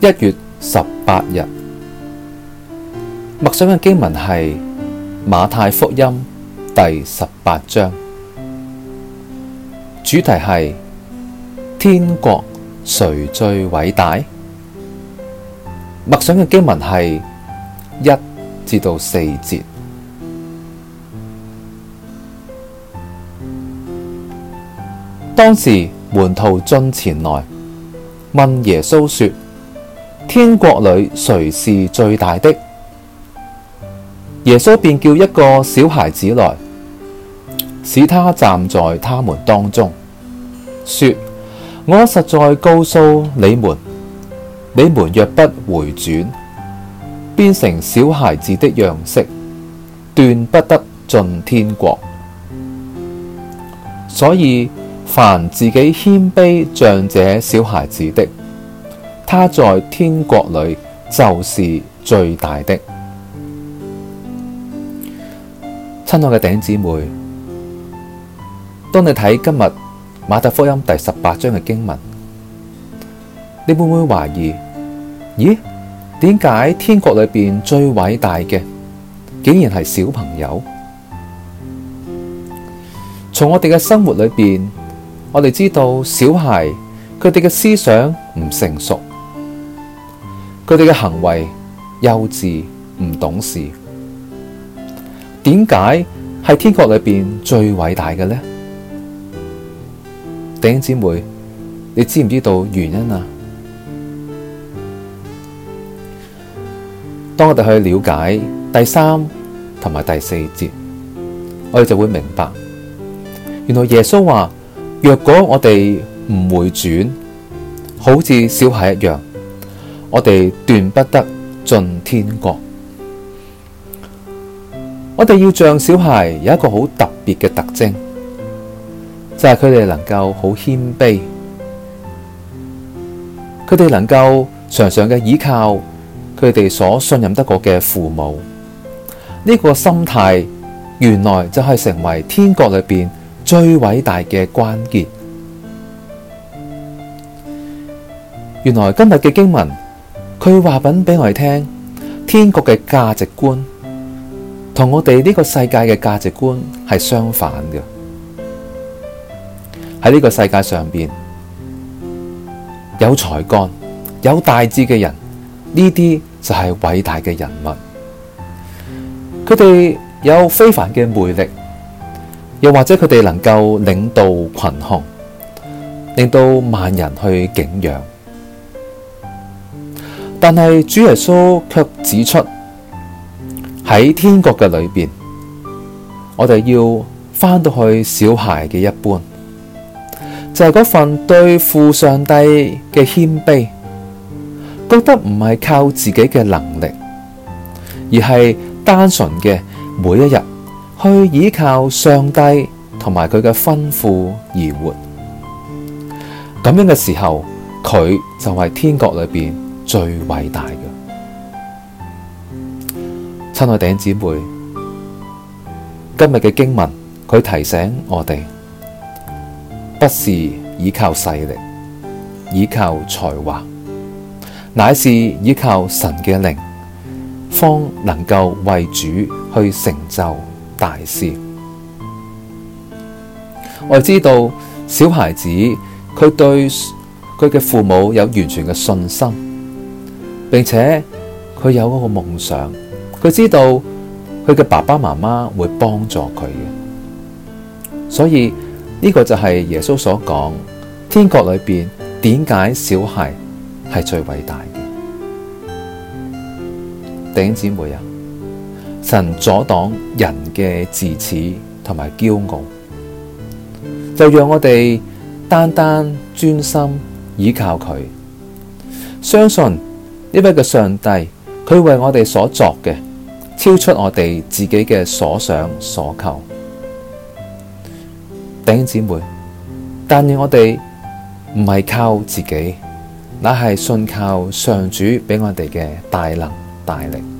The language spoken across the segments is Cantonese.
一月十八日默想嘅經文係《馬太福音》第十八章，主題係天國誰最偉大？默想嘅經文係一至到四節。當時門徒進前來問耶穌說：天國裏誰是最大的？耶穌便叫一個小孩子來，使他站在他們當中，說：我實在告訴你們，你們若不回轉，變成小孩子的樣式，斷不得進天國。所以，凡自己謙卑像這小孩子的。他在天國裏就是最大的，親愛嘅頂姊妹，當你睇今日馬太福音第十八章嘅經文，你會唔會懷疑？咦，點解天國裏邊最偉大嘅，竟然係小朋友？從我哋嘅生活裏邊，我哋知道小孩佢哋嘅思想唔成熟。佢哋嘅行為幼稚唔懂事，點解係天國裏邊最偉大嘅呢？弟兄姊妹，你知唔知道原因啊？當我哋去了解第三同埋第四節，我哋就會明白，原來耶穌話：若果我哋唔回轉，好似小孩一樣。我哋斷不得進天國。我哋要像小孩，有一個好特別嘅特徵，就係佢哋能夠好謙卑，佢哋能夠常常嘅倚靠佢哋所信任得過嘅父母。呢個心態原來就係成為天國裏邊最偉大嘅關鍵。原來今日嘅經文。佢話品俾我哋聽，天國嘅價值觀同我哋呢個世界嘅價值觀係相反嘅。喺呢個世界上邊，有才幹、有大志嘅人，呢啲就係偉大嘅人物。佢哋有非凡嘅魅力，又或者佢哋能夠領導群雄，令到萬人去景仰。但係主耶穌卻指出喺天國嘅裏邊，我哋要翻到去小孩嘅一般，就係、是、嗰份對父上帝嘅謙卑，覺得唔係靠自己嘅能力，而係單純嘅每一日去依靠上帝同埋佢嘅吩咐而活。咁樣嘅時候，佢就係天國裏邊，最偉大嘅，親愛頂姊妹，今日嘅經文佢提醒我哋，不是倚靠勢力、倚靠才華，乃是倚靠神嘅靈，方能夠為主去成就大事。我知道小孩子佢對佢嘅父母有完全嘅信心。並且佢有嗰個夢想，佢知道佢嘅爸爸媽媽會幫助佢嘅，所以呢個就係耶穌所講天國裏邊點解小孩係最偉大嘅。弟兄姊妹啊！神阻擋人嘅自恃同埋驕傲，就讓我哋單單專心倚靠佢，相信，呢位嘅上帝，佢為我哋所作嘅，超出我哋自己嘅所想所求。弟兄姊妹，但願我哋唔係靠自己，乃係信靠上主俾我哋嘅大能大力。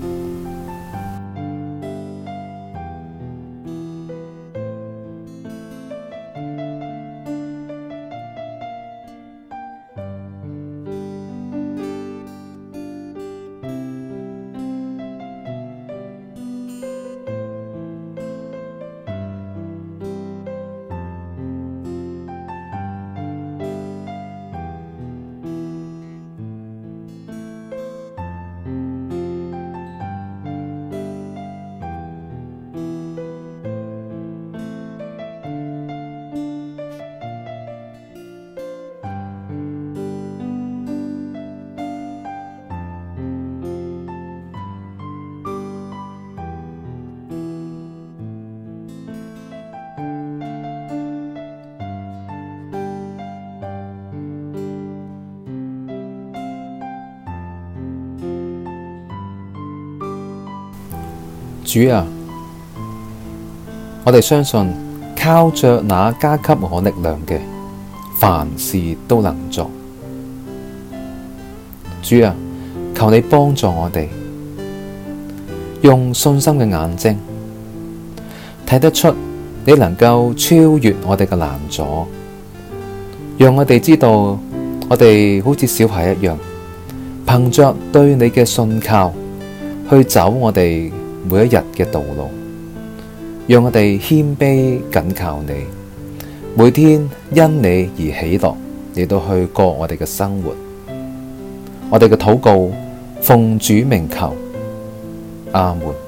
主啊，我哋相信靠着那加給我力量嘅，凡事都能做。主啊，求你幫助我哋，用信心嘅眼睛睇得出，你能夠超越我哋嘅難阻，讓我哋知道我哋好似小孩一樣，憑着對你嘅信靠去走我，我哋。每一日嘅道路，讓我哋謙卑緊靠你。每天因你而喜樂，你都去過我哋嘅生活。我哋嘅禱告，奉主名求，阿門。